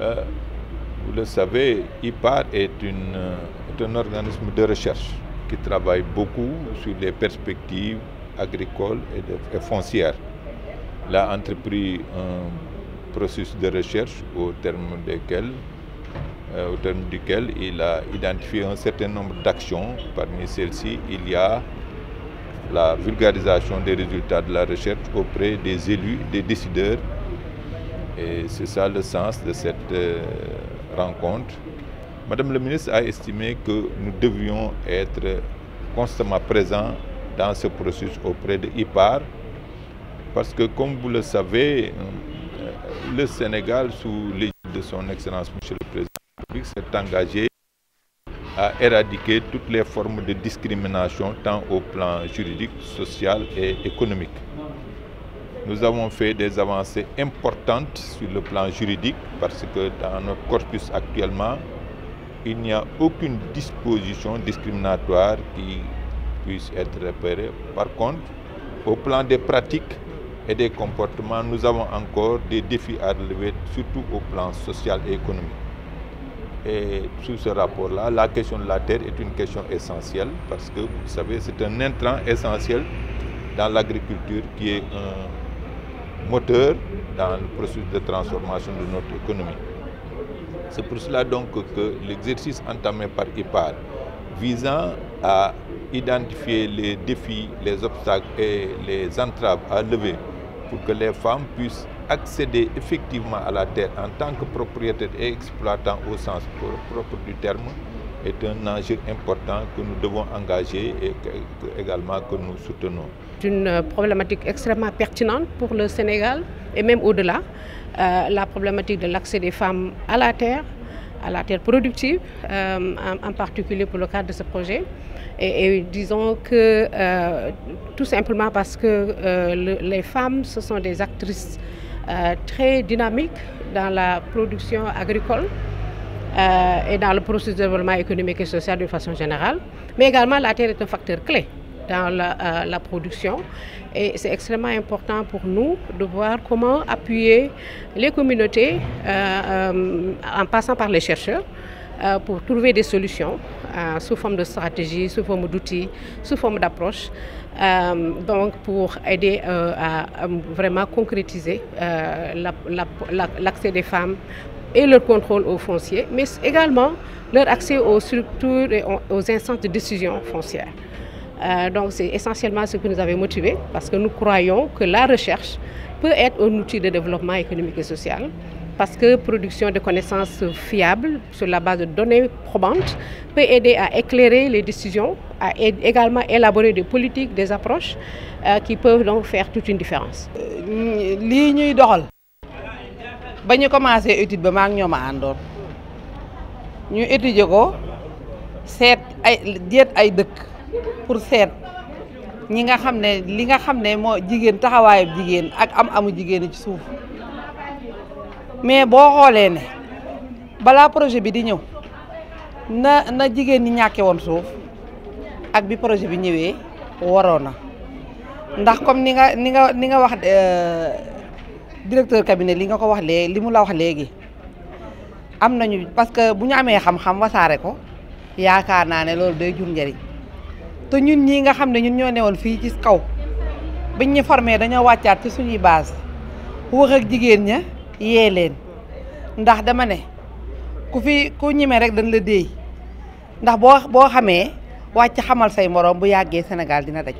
Euh, vous le savez, IPAR est, une, euh, un organisme de recherche qui travaille beaucoup sur les perspectives agricoles et, foncières. Il a entrepris un processus de recherche au terme, desquels, euh, au terme duquel il a identifié un certain nombre d'actions. Parmi celles-ci, il y a la vulgarisation des résultats de la recherche auprès des élus, des décideurs. Et c'est ça le sens de cette euh, rencontre. Madame la ministre a estimé que nous devions être constamment présents dans ce processus auprès de IPAR, parce que comme vous le savez, euh, le Sénégal, sous l'égide de son Excellence Monsieur le Président s'est engagé à éradiquer toutes les formes de discrimination, tant au plan juridique, social et économique. Nous avons fait des avancées importantes sur le plan juridique parce que dans notre corpus actuellement, il n'y a aucune disposition discriminatoire qui puisse être repérée. Par contre, au plan des pratiques et des comportements, nous avons encore des défis à relever, surtout au plan social et économique. Et sous ce rapport-là, la question de la terre est une question essentielle parce que, vous savez, c'est un intrant essentiel dans l'agriculture qui est un moteur dans le processus de transformation de notre économie. C'est pour cela donc que l'exercice entamé par IPAR visant à identifier les défis, les obstacles et les entraves à lever pour que les femmes puissent accéder effectivement à la terre en tant que propriétaire et exploitant au sens propre du terme est un enjeu important que nous devons engager et également que nous soutenons. C'est une euh, problématique extrêmement pertinente pour le Sénégal et même au-delà. Euh, la problématique de l'accès des femmes à la terre, à la terre productive, euh, en, particulier pour le cadre de ce projet. Et, disons que tout simplement parce que les femmes, ce sont des actrices euh, très dynamique dans la production agricole euh, et dans le processus de développement économique et social d'une façon générale. Mais également, la terre est un facteur clé dans la euh, production et c'est extrêmement important pour nous de voir comment appuyer les communautés en passant par les chercheurs pour trouver des solutions euh, sous forme de stratégie, sous forme d'outils, sous forme d'approche, euh, donc pour aider euh, à, vraiment concrétiser l'accès des femmes et leur contrôle aux fonciers, mais également leur accès aux structures et aux instances de décision foncière. donc c'est essentiellement ce qui nous avait motivé, parce que nous croyons que la recherche peut être un outil de développement économique et social parce que production de connaissances fiables sur la base de données probantes peut aider à éclairer les décisions, à également élaborer des politiques, des approches euh, qui peuvent donc faire toute une différence. Euh, lii ñuy doxal ba ñu commencé étude ba maak a ñu étudier ko Set ay pour set. ñi nga que ne li nga xam ne ak amu sont ci mais boo xoolee ne balaa projet bi di ñëw na na jigéen ñi ñàkke woon suuf ak bi projet bi ñëwee waroon na ndax comme ni nga ni nga ni nga wax euh, directeur cabinet li nga ko wax léegi li mu la wax léegi am nañu parce que bu ñu amee xam-xam wasaare ko yaakaar naa ne loolu day jur njëriñ te ñun ñii nga xam ne ñun ñoo newoon fii ci kaw biñ ñu formé dañoo wàccaat ci suñuy base wax ak jigéen ña. yee leen ndax dama ne ku fi ku ñime rek dañ la déey ndax boo boo xamee wàcc xamal say moroom bu yàggee senegal dina daj